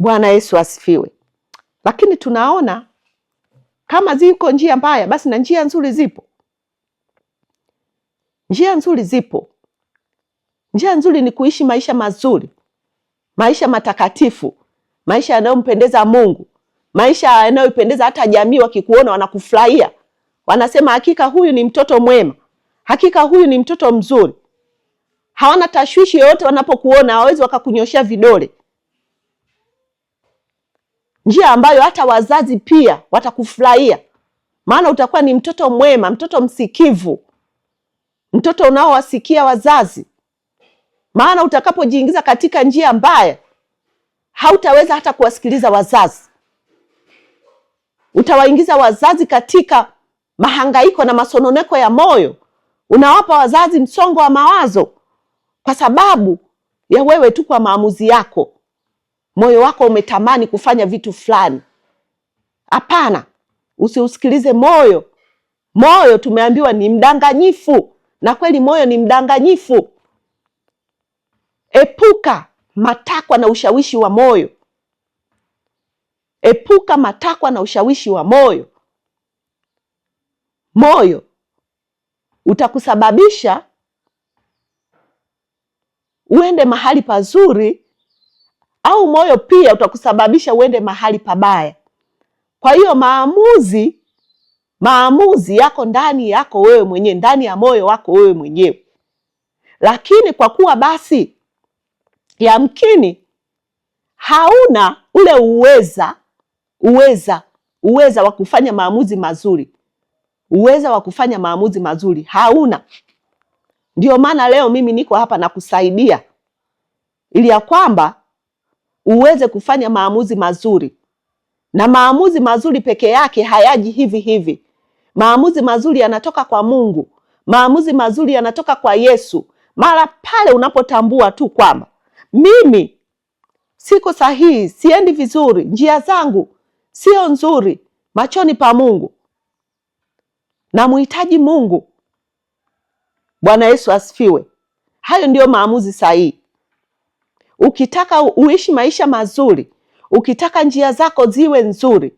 Bwana Yesu asifiwe. Lakini tunaona kama ziko njia mbaya, basi na njia nzuri zipo. Njia nzuri zipo. Njia nzuri ni kuishi maisha mazuri, maisha matakatifu, maisha yanayompendeza Mungu, maisha yanayoipendeza hata jamii. Wakikuona wanakufurahia, wanasema hakika huyu ni mtoto mwema, hakika huyu ni mtoto mzuri. Hawana tashwishi yoyote wanapokuona, hawawezi wakakunyoshea vidole njia ambayo hata wazazi pia watakufurahia, maana utakuwa ni mtoto mwema, mtoto msikivu, mtoto unaowasikia wazazi. Maana utakapojiingiza katika njia mbaya, hautaweza hata kuwasikiliza wazazi, utawaingiza wazazi katika mahangaiko na masononeko ya moyo. Unawapa wazazi msongo wa mawazo kwa sababu ya wewe tu, kwa maamuzi yako moyo wako umetamani kufanya vitu fulani. Hapana, usiusikilize moyo. Moyo tumeambiwa ni mdanganyifu, na kweli moyo ni mdanganyifu. Epuka matakwa na ushawishi wa moyo, epuka matakwa na ushawishi wa moyo. Moyo utakusababisha uende mahali pazuri au moyo pia utakusababisha uende mahali pabaya. Kwa hiyo maamuzi maamuzi yako ndani yako wewe mwenyewe, ndani ya moyo wako wewe mwenyewe. Lakini kwa kuwa basi yamkini hauna ule uweza uweza uweza wa kufanya maamuzi mazuri, uweza wa kufanya maamuzi mazuri hauna. Ndio maana leo mimi niko hapa nakusaidia ili ya kwamba uweze kufanya maamuzi mazuri, na maamuzi mazuri peke yake hayaji hivi hivi. Maamuzi mazuri yanatoka kwa Mungu, maamuzi mazuri yanatoka kwa Yesu. Mara pale unapotambua tu kwamba mimi siko sahihi, siendi vizuri, njia zangu sio nzuri machoni pa Mungu, namhitaji Mungu. Bwana Yesu asifiwe. Hayo ndiyo maamuzi sahihi. Ukitaka uishi maisha mazuri, ukitaka njia zako ziwe nzuri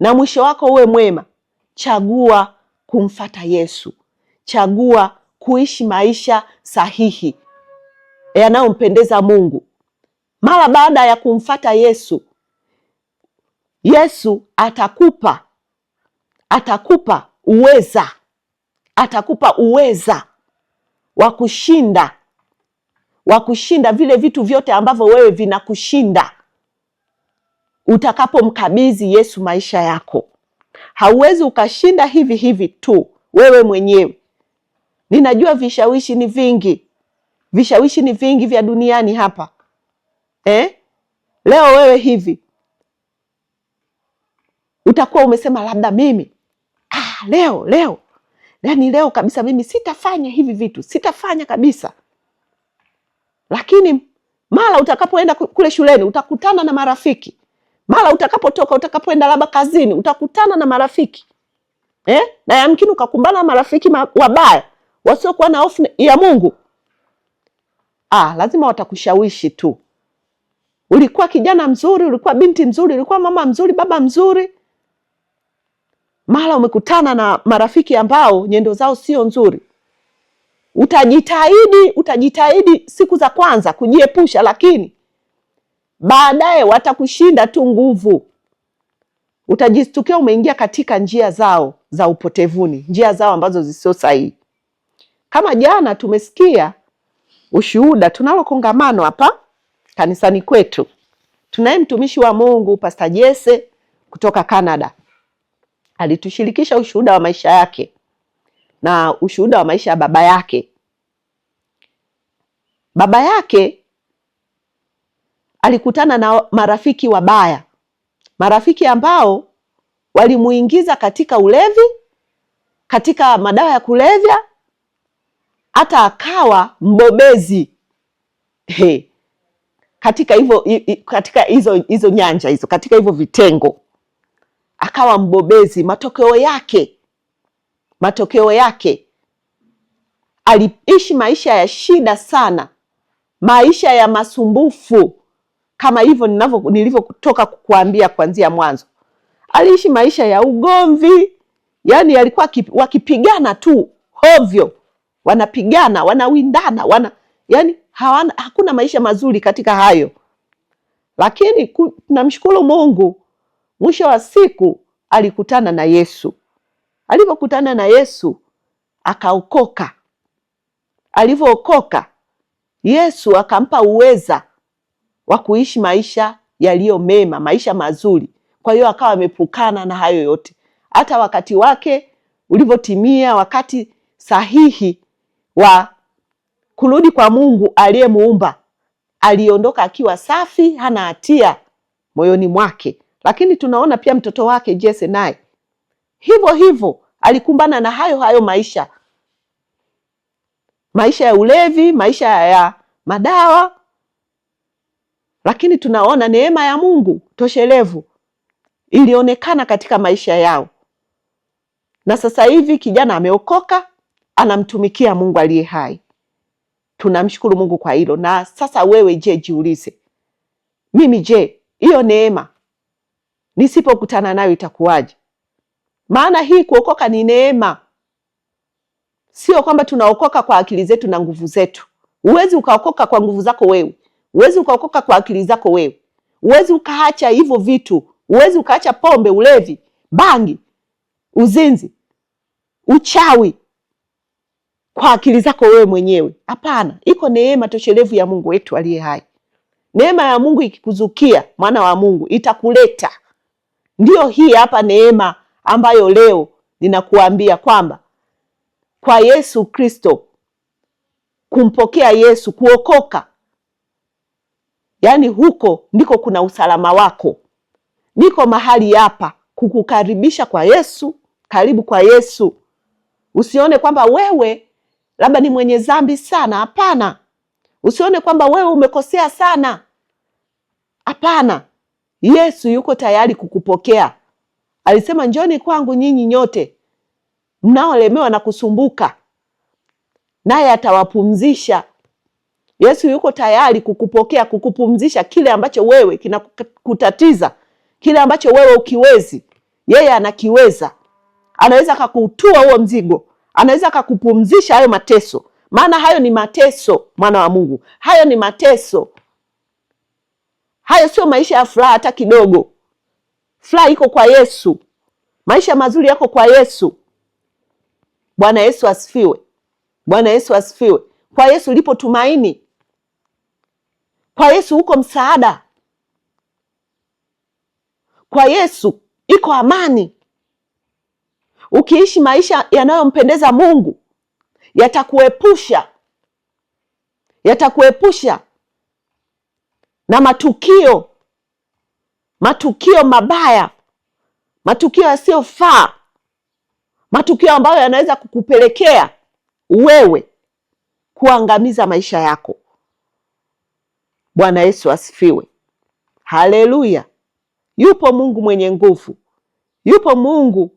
na mwisho wako uwe mwema, chagua kumfata Yesu, chagua kuishi maisha sahihi yanayompendeza Mungu. Mara baada ya kumfata Yesu, Yesu atakupa atakupa uweza, atakupa uweza wa kushinda wa kushinda vile vitu vyote ambavyo wewe vinakushinda utakapomkabidhi Yesu maisha yako. Hauwezi ukashinda hivi hivi tu wewe mwenyewe. Ninajua vishawishi ni vingi, vishawishi ni vingi vya duniani hapa eh? Leo wewe hivi utakuwa umesema labda mimi ah, leo leo, yaani leo kabisa mimi sitafanya hivi vitu, sitafanya kabisa lakini mara utakapoenda kule shuleni utakutana na marafiki, mara utakapotoka, utakapoenda labda kazini utakutana na marafiki eh? na yamkini ukakumbana na marafiki wabaya wasiokuwa na hofu ya Mungu. Ah, lazima watakushawishi tu. Ulikuwa kijana mzuri, ulikuwa binti mzuri, ulikuwa mama mzuri, baba mzuri, mara umekutana na marafiki ambao nyendo zao sio nzuri utajitahidi utajitahidi siku za kwanza kujiepusha, lakini baadaye watakushinda tu nguvu. Utajistukia umeingia katika njia zao za upotevuni, njia zao ambazo zisio sahihi. Kama jana tumesikia ushuhuda, tunalo kongamano hapa kanisani kwetu, tunaye mtumishi wa Mungu Pastor Jesse kutoka Canada alitushirikisha ushuhuda wa maisha yake na ushuhuda wa maisha ya baba yake Baba yake alikutana na marafiki wabaya, marafiki ambao walimuingiza katika ulevi, katika madawa ya kulevya, hata akawa mbobezi he, katika hivyo, katika hizo hizo nyanja hizo, katika hivyo vitengo akawa mbobezi. Matokeo yake matokeo yake aliishi maisha ya shida sana maisha ya masumbufu kama hivyo nilivyotoka kukuambia kuanzia mwanzo. Aliishi maisha ya ugomvi, yani alikuwa wakipigana tu hovyo, wanapigana wanawindana, wana yani hawana, hakuna maisha mazuri katika hayo, lakini namshukuru Mungu, mwisho wa siku alikutana na Yesu. Alipokutana na Yesu akaokoka, alivyookoka Yesu akampa uweza wa kuishi maisha yaliyo mema, maisha mazuri. Kwa hiyo akawa amepukana na hayo yote, hata wakati wake ulivyotimia, wakati sahihi wa kurudi kwa Mungu aliyemuumba, aliondoka akiwa safi, hana hatia moyoni mwake. Lakini tunaona pia mtoto wake Jese naye hivyo hivyo alikumbana na hayo hayo maisha maisha ya ulevi, maisha ya madawa, lakini tunaona neema ya Mungu toshelevu ilionekana katika maisha yao, na sasa hivi kijana ameokoka, anamtumikia Mungu aliye hai. Tunamshukuru Mungu kwa hilo. Na sasa wewe, je, jiulize, mimi je, hiyo neema nisipokutana nayo itakuwaje? Maana hii kuokoka ni neema Sio kwamba tunaokoka kwa akili zetu na nguvu zetu. Huwezi ukaokoka kwa nguvu zako wewe, huwezi ukaokoka kwa akili zako wewe, huwezi ukaacha hivyo vitu, huwezi ukaacha pombe, ulevi, bangi, uzinzi, uchawi kwa akili zako wewe mwenyewe. Hapana, iko neema tosherevu ya Mungu wetu aliye hai. Neema ya Mungu ikikuzukia, mwana wa Mungu, itakuleta. Ndiyo hii hapa neema ambayo leo ninakuambia kwamba kwa Yesu Kristo, kumpokea Yesu, kuokoka. Yaani huko ndiko kuna usalama wako. Niko mahali hapa kukukaribisha kwa Yesu, karibu kwa Yesu. Usione kwamba wewe labda ni mwenye dhambi sana, hapana. Usione kwamba wewe umekosea sana, hapana. Yesu yuko tayari kukupokea. Alisema, njoni kwangu nyinyi nyote mnaolemewa na kusumbuka, naye atawapumzisha. Yesu yuko tayari kukupokea, kukupumzisha kile ambacho wewe kinakutatiza, kile ambacho wewe ukiwezi, yeye anakiweza. Anaweza akakutua huo mzigo, anaweza akakupumzisha hayo mateso, maana hayo ni mateso, mwana wa Mungu, hayo ni mateso. Hayo sio maisha ya furaha hata kidogo. Furaha iko kwa Yesu, maisha mazuri yako kwa Yesu. Bwana Yesu asifiwe. Bwana Yesu asifiwe. Kwa Yesu lipo tumaini, kwa Yesu uko msaada, kwa Yesu iko amani. Ukiishi maisha yanayompendeza Mungu yatakuepusha yatakuepusha na matukio matukio mabaya, matukio yasiyofaa matukio ambayo yanaweza kukupelekea wewe kuangamiza maisha yako. Bwana Yesu asifiwe, haleluya! Yupo Mungu mwenye nguvu, yupo Mungu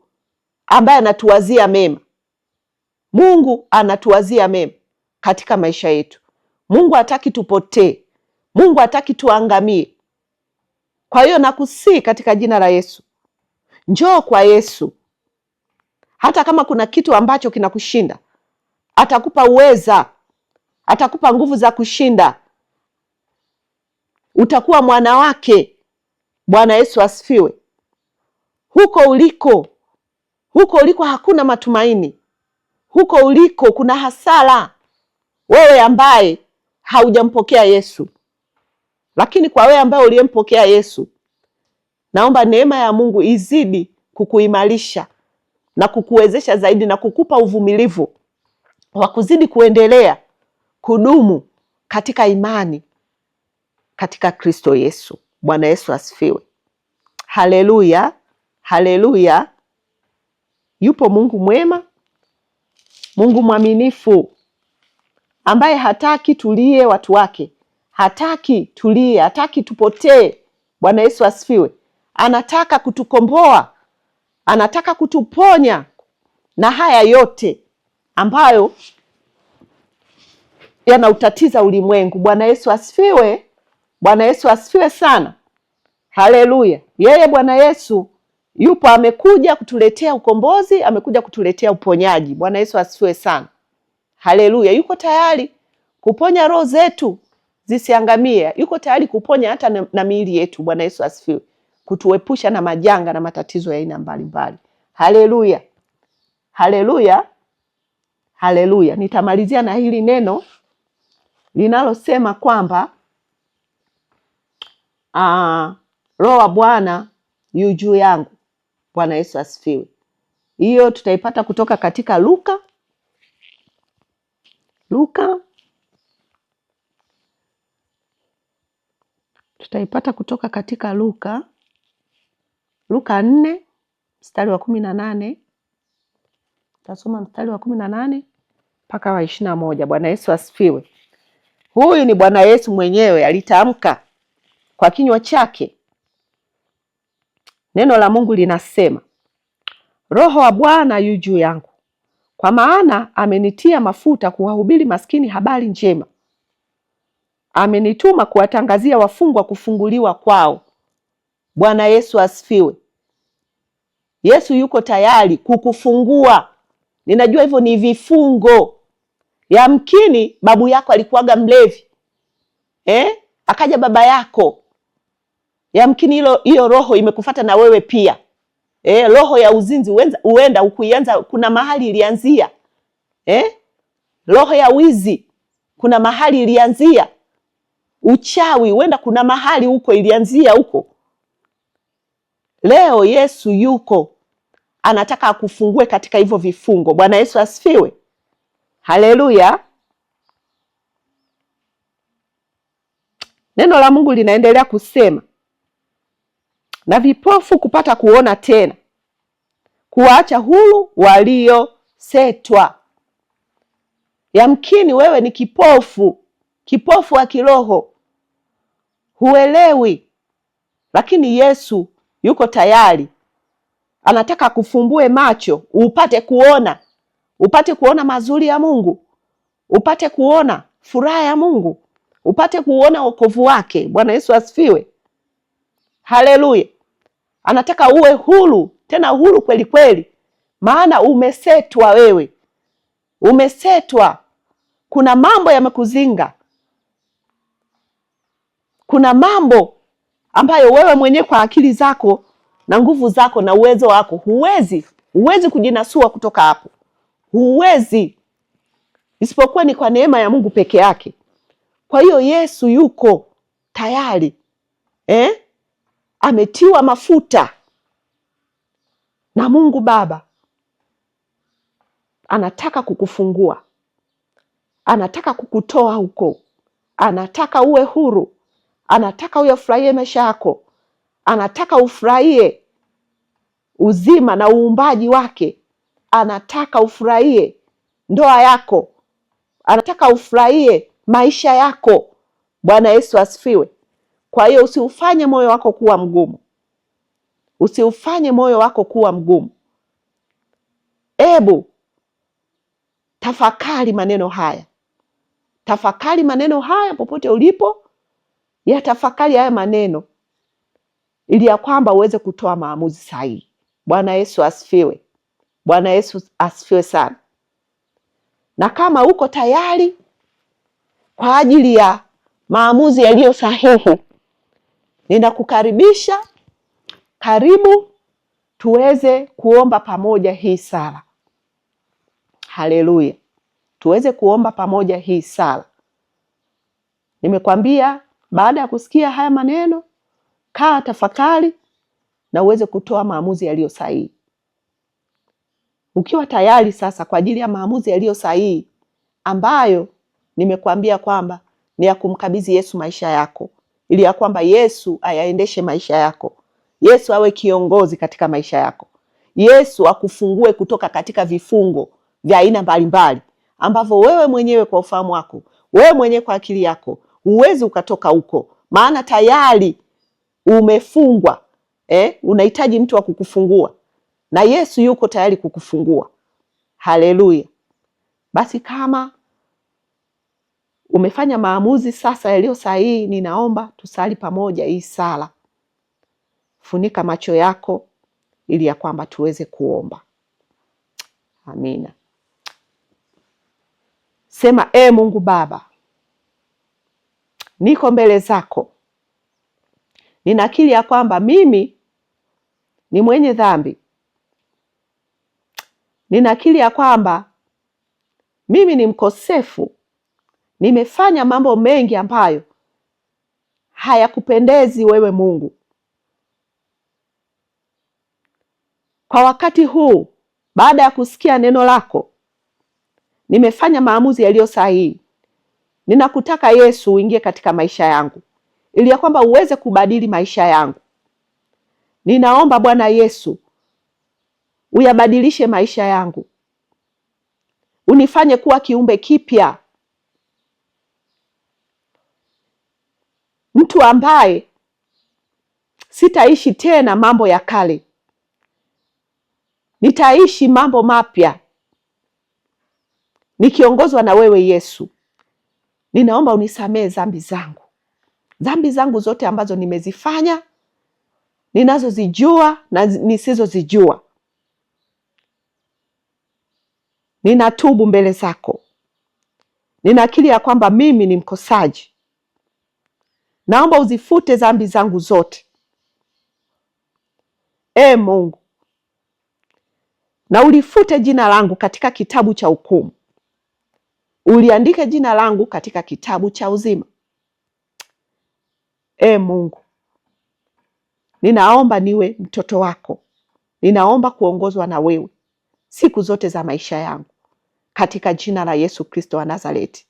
ambaye anatuwazia mema. Mungu anatuwazia mema katika maisha yetu. Mungu hataki tupotee, Mungu hataki tuangamie. Kwa hiyo nakusii katika jina la Yesu, njoo kwa Yesu, hata kama kuna kitu ambacho kinakushinda, atakupa uweza, atakupa nguvu za kushinda. Utakuwa mwana wake. Bwana Yesu asifiwe. Huko uliko, huko uliko hakuna matumaini, huko uliko kuna hasara, wewe ambaye haujampokea Yesu. Lakini kwa wewe ambaye uliyempokea Yesu, naomba neema ya Mungu izidi kukuimarisha na kukuwezesha zaidi na kukupa uvumilivu wa kuzidi kuendelea kudumu katika imani katika Kristo Yesu. Bwana Yesu asifiwe. Haleluya, haleluya. Yupo Mungu mwema, Mungu mwaminifu ambaye hataki tulie watu wake, hataki tulie, hataki tupotee. Bwana Yesu asifiwe. Anataka kutukomboa anataka kutuponya na haya yote ambayo yanautatiza ulimwengu. Bwana Yesu asifiwe! Bwana Yesu asifiwe sana, haleluya! Yeye Bwana Yesu yupo, amekuja kutuletea ukombozi, amekuja kutuletea uponyaji. Bwana Yesu asifiwe sana, haleluya! Yuko tayari kuponya roho zetu zisiangamie, yuko tayari kuponya hata na miili yetu. Bwana Yesu asifiwe kutuepusha na majanga na matatizo ya aina mbalimbali. Haleluya, haleluya, haleluya. Nitamalizia na hili neno linalosema kwamba uh, Roho wa Bwana yu juu yangu. Bwana Yesu asifiwe. Hiyo tutaipata kutoka katika Luka Luka, tutaipata kutoka katika Luka Luka nne mstari wa kumi na nane tasoma mstari wa kumi na nane mpaka wa ishirini na moja. Bwana Yesu asifiwe. Huyu ni Bwana Yesu mwenyewe alitamka kwa kinywa chake. Neno la Mungu linasema, Roho wa Bwana yu juu yangu, kwa maana amenitia mafuta kuwahubiri maskini habari njema, amenituma kuwatangazia wafungwa kufunguliwa kwao Bwana Yesu asifiwe. Yesu yuko tayari kukufungua. Ninajua hivyo ni vifungo. Yamkini babu yako alikuwaga mlevi eh? Akaja baba yako, yamkini hilo hiyo roho imekufata na wewe pia eh? Roho ya uzinzi huenda ukuianza, kuna mahali ilianzia eh? Roho ya wizi kuna mahali ilianzia. Uchawi huenda kuna mahali huko ilianzia huko Leo Yesu yuko anataka akufungue katika hivyo vifungo. Bwana Yesu asifiwe, haleluya. Neno la Mungu linaendelea kusema, na vipofu kupata kuona tena, kuwaacha huru waliosetwa. Yamkini wewe ni kipofu, kipofu wa kiroho, huelewi, lakini Yesu yuko tayari, anataka kufumbue macho upate kuona, upate kuona mazuri ya Mungu, upate kuona furaha ya Mungu, upate kuona wokovu wake. Bwana Yesu asifiwe, haleluya. Anataka uwe huru, tena huru kweli kweli, maana umesetwa wewe, umesetwa. Kuna mambo yamekuzinga, kuna mambo ambayo wewe mwenyewe kwa akili zako na nguvu zako na uwezo wako huwezi huwezi kujinasua kutoka hapo, huwezi, isipokuwa ni kwa neema ya Mungu peke yake. Kwa hiyo Yesu yuko tayari eh? Ametiwa mafuta na Mungu Baba, anataka kukufungua, anataka kukutoa huko, anataka uwe huru anataka huyo afurahie maisha yako, anataka ufurahie uzima na uumbaji wake, anataka ufurahie ndoa yako, anataka ufurahie maisha yako. Bwana Yesu asifiwe. Kwa hiyo usiufanye moyo wako kuwa mgumu, usiufanye moyo wako kuwa mgumu. Ebu tafakari maneno haya, tafakari maneno haya popote ulipo yatafakari haya maneno ili ya kwamba uweze kutoa maamuzi sahihi. Bwana Yesu asifiwe. Bwana Yesu asifiwe sana. Na kama uko tayari kwa ajili ya maamuzi yaliyo sahihi, ninakukaribisha, karibu tuweze kuomba pamoja hii sala. Haleluya, tuweze kuomba pamoja hii sala. Nimekwambia baada ya kusikia haya maneno, kaa tafakari na uweze kutoa maamuzi yaliyo sahihi. Ukiwa tayari sasa kwa ajili ya maamuzi yaliyo sahihi ambayo nimekuambia kwamba ni ya kumkabidhi Yesu maisha yako, ili ya kwamba Yesu ayaendeshe maisha yako, Yesu awe kiongozi katika maisha yako, Yesu akufungue kutoka katika vifungo vya aina mbalimbali ambavyo wewe mwenyewe kwa ufahamu wako, wewe mwenyewe kwa akili yako huwezi ukatoka huko, maana tayari umefungwa eh? Unahitaji mtu wa kukufungua na Yesu yuko tayari kukufungua. Haleluya! Basi kama umefanya maamuzi sasa yaliyo sahihi, ninaomba tusali pamoja hii sala. Funika macho yako ili ya kwamba tuweze kuomba. Amina. Sema, e Mungu Baba, niko mbele zako, ninakiri ya kwamba mimi ni mwenye dhambi, ninakiri ya kwamba mimi ni mkosefu, nimefanya mambo mengi ambayo hayakupendezi wewe Mungu. Kwa wakati huu, baada ya kusikia neno lako, nimefanya maamuzi yaliyo sahihi ninakutaka Yesu uingie katika maisha yangu ili ya kwamba uweze kubadili maisha yangu. Ninaomba Bwana Yesu uyabadilishe maisha yangu, unifanye kuwa kiumbe kipya, mtu ambaye sitaishi tena mambo ya kale, nitaishi mambo mapya nikiongozwa na wewe Yesu ninaomba unisamee dhambi zangu, dhambi zangu zote ambazo nimezifanya, ninazozijua na nisizozijua. Ninatubu mbele zako, ninakiri ya kwamba mimi ni mkosaji. Naomba uzifute dhambi zangu zote, e Mungu, na ulifute jina langu katika kitabu cha hukumu uliandike jina langu katika kitabu cha uzima. E Mungu, ninaomba niwe mtoto wako, ninaomba kuongozwa na wewe siku zote za maisha yangu, katika jina la Yesu Kristo wa Nazareti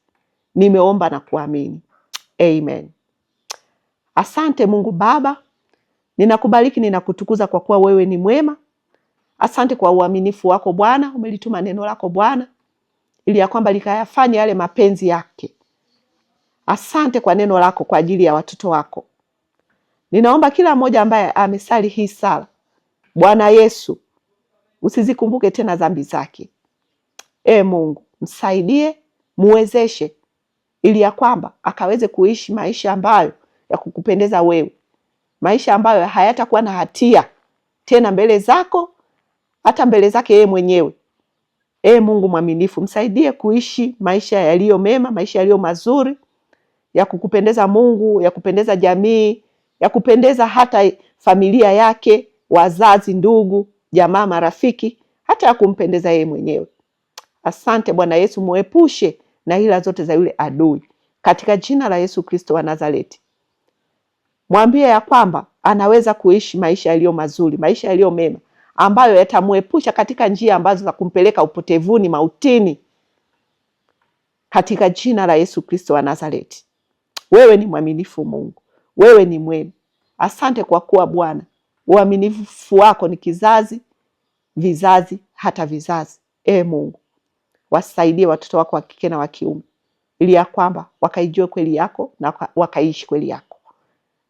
nimeomba na kuamini, amen. Asante Mungu Baba, ninakubariki, ninakutukuza kwa kuwa wewe ni mwema. Asante kwa uaminifu wako Bwana, umelituma neno lako Bwana ili ya kwamba likayafanye yale mapenzi yake. Asante kwa neno lako kwa ajili ya watoto wako. Ninaomba kila mmoja ambaye amesali hii sala, Bwana Yesu, usizikumbuke tena dhambi zake. E Mungu, msaidie, muwezeshe ili ya kwamba akaweze kuishi maisha ambayo ya kukupendeza wewe, maisha ambayo hayatakuwa na hatia tena mbele zako, hata mbele zake yeye mwenyewe, E Mungu mwaminifu, msaidie kuishi maisha yaliyo mema, maisha yaliyo mazuri ya kukupendeza Mungu, ya kupendeza jamii, ya kupendeza hata familia yake, wazazi, ndugu, jamaa, marafiki, hata ya kumpendeza yeye mwenyewe. Asante Bwana Yesu, muepushe na hila zote za yule adui, katika jina la Yesu Kristo wa Nazareti. Mwambie ya kwamba anaweza kuishi maisha yaliyo mazuri, maisha yaliyo mema, ambayo yatamwepusha katika njia ambazo za kumpeleka upotevuni, mautini, katika jina la Yesu Kristo wa Nazareti. Wewe ni mwaminifu Mungu, wewe ni mwema. Asante kwa kuwa Bwana, uaminifu wako ni kizazi vizazi hata vizazi. E Mungu, wasaidie watoto wako wa kike na wa kiume, ili ya kwamba wakaijue kweli yako na wakaishi kweli yako,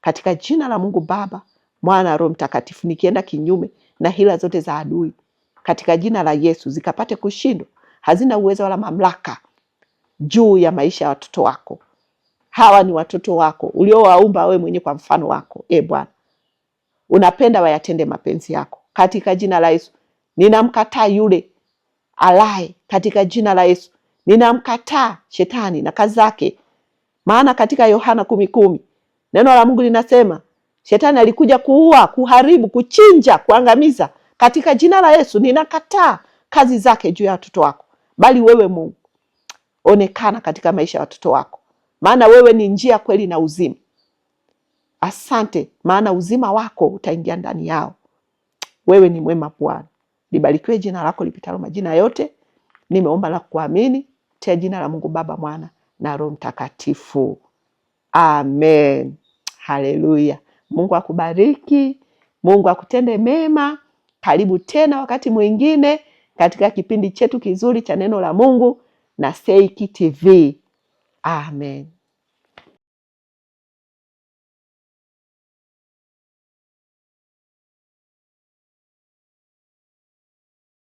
katika jina la Mungu Baba, Mwana, Roho Mtakatifu, nikienda kinyume na hila zote za adui katika jina la Yesu zikapate kushindwa. Hazina uwezo wala mamlaka juu ya maisha ya watoto wako. Hawa ni watoto wako uliowaumba wewe mwenyewe kwa mfano wako. E Bwana, unapenda wayatende mapenzi yako katika jina la Yesu. Ninamkataa yule alaye katika jina la Yesu. Ninamkataa shetani na kazi zake, maana katika Yohana kumi kumi neno la Mungu linasema Shetani alikuja kuua, kuharibu, kuchinja, kuangamiza. Katika jina la Yesu ninakataa kazi zake juu ya watoto wako, bali wewe Mungu onekana katika maisha ya watoto wako, maana wewe ni njia, kweli na uzima. Asante, maana uzima wako utaingia ndani yao. Wewe ni mwema Bwana, libarikiwe jina lako lipitalo majina yote. Nimeomba la kuamini tia jina la Mungu Baba, Mwana na Roho Mtakatifu. Amen, haleluya. Mungu akubariki, Mungu akutende mema. Karibu tena wakati mwingine katika kipindi chetu kizuri cha neno la Mungu na Seiki TV. Amen.